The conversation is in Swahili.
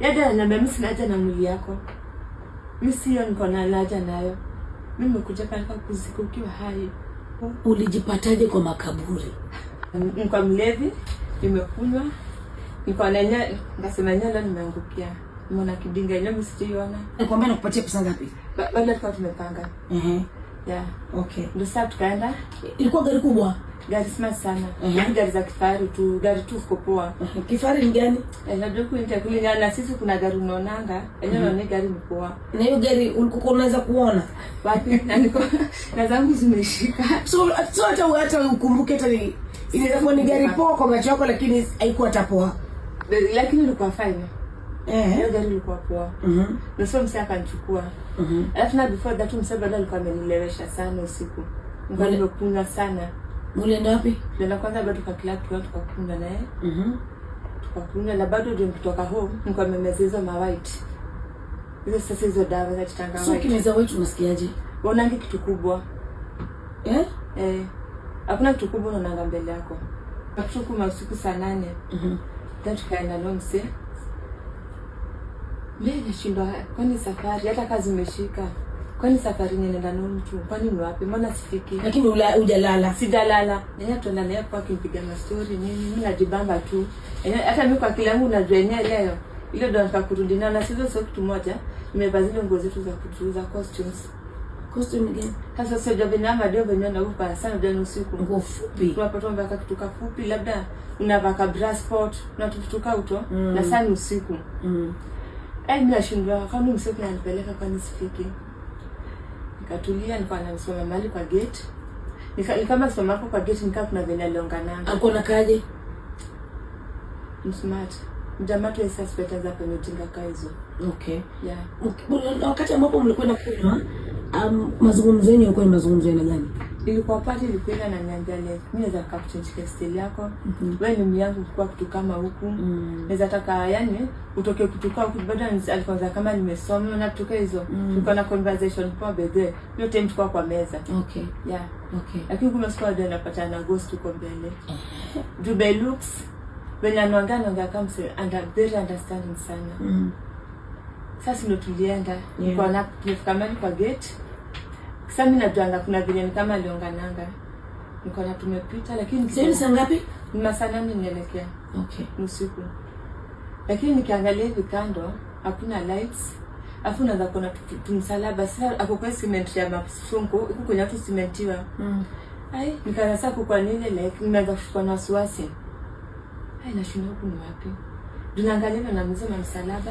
Yada na mimi sina haja na mwili yako. Mimi sio niko na haja nayo. Mimi nimekuja pale kwa ukiwa hai. Ulijipataje kwa makaburi? Niko mlevi, nimekunywa. Niko na nyanya, ngasema nyanya nimeangukia. Nimeona kidinga yenyewe msijiona. Nikwambia nakupatia pesa ngapi? Ba baada tukawa tumepanga. Mhm. Uh -huh. Yeah. Okay. Ndio sasa tukaenda. Ilikuwa gari kubwa. Gari smart sana. Uh -huh. Yaani gari za kifahari tu, gari tu uko poa. Uh -huh. Kifahari ni gani? Eh, ndio kuingia kulingana na sisi kuna gari unaonanga, yenyewe uh -huh. ni gari ni poa. Na hiyo gari ulikuwa unaweza kuona. Wapi? Na niko na zangu zimeshika. So so hata hata ukumbuke hata ni inaweza kuwa ni gari poa kwa macho yako lakini haikuwa tapoa. Eh, lakini ilikuwa fine. Eh? gari nilikuwa poa. Mhm. Na sio msee akanichukua. Mhm. Alafu na before that msee bado alikuwa amenilewesha sana usiku. Nilikuwa nimekunywa sana. Ulienda wapi? Tulienda kwanza bado kwa club kwa tukakunywa na yeye. Mhm. Tukakunywa na bado ndio kutoka home nilikuwa nimemeza hizo ma white. Hizo sasa hizo dawa za kitanga white. Sio kimeza white unasikiaje? Unaangi kitu kubwa. Eh? Eh. Hakuna kitu kubwa unaonanga mbele yako. Nakuchukua usiku saa nane. Mhm. Tatu kaenda nao msee. Mimi nashindwa kwani safari hata kazi imeshika. Kwani safari ninaenda na mtu? Kwani ni wapi? Mbona sifiki? Lakini ula hujalala. Sijalala. Nyenye tuenda naye kwa kimpiga mastori nini? Mimi najibamba tu. Hata mimi kwa kila mtu najua yenyewe leo. Ile ndo nataka kurudi nayo na sizo sio kitu moja. Nimevaa zile nguo zetu za kutuza costumes. Costume gani? Sasa sio jabu na madio venye na upa sana jana usiku. Nguo fupi. Kwa Tunapata mpaka kituka fupi labda unavaka ka bra sport na tutuka uto mm. na sana usiku. Mm. Yaani mimi nashindwa kama mseko ananipeleka kwa nisifike. Nikatulia nilikuwa nanisoma mahali kwa gate. Nika kama soma hapo kwa gate nikaa kuna venye aliongana. Ako na kaje? Msmart. Mjamaa tu suspect za kwenye tinga kaa hizo. Okay. Yeah. Wakati ambapo mlikuwa na kunywa, um, mazungumzo yenu yalikuwa ni mazungumzo ya gani? ilikuwa pati ilikuenda na niambia like mimi naweza kaa kuchange lifestyle yako mm -hmm. wewe ni myangu kuwa kitu kama huku mm -hmm. naweza taka yani utoke kitu kama huku bado alikuanza kama nimesoma na kutoka hizo mm -hmm. na conversation kwa bebe hiyo time tulikuwa kwa meza okay yeah okay lakini kuna siku ndio napatana na ghost uko mbele juu by looks wenye anaongea anaongea kama under very understanding sana mm -hmm. sasa ndio tulienda yeah. nilikuwa na tumefika mali kwa gate sasa mimi najuanga kuna vile ni kama aliongananga. na tumepita lakini sasa saa ngapi? Ni masaa nane nielekea. Okay. Usiku. Lakini nikiangalia hivi kando hakuna lights. Afu unaweza kuona tumsalaba sasa hapo kwa cement ya mafunko, iko kwenye watu cementiwa. Mm. Ai, nikaanza sasa kwa nini like nimeanza kushikwa na wasiwasi. Ai, nashindwa huku wapi? Tunaangalia na mzee msalaba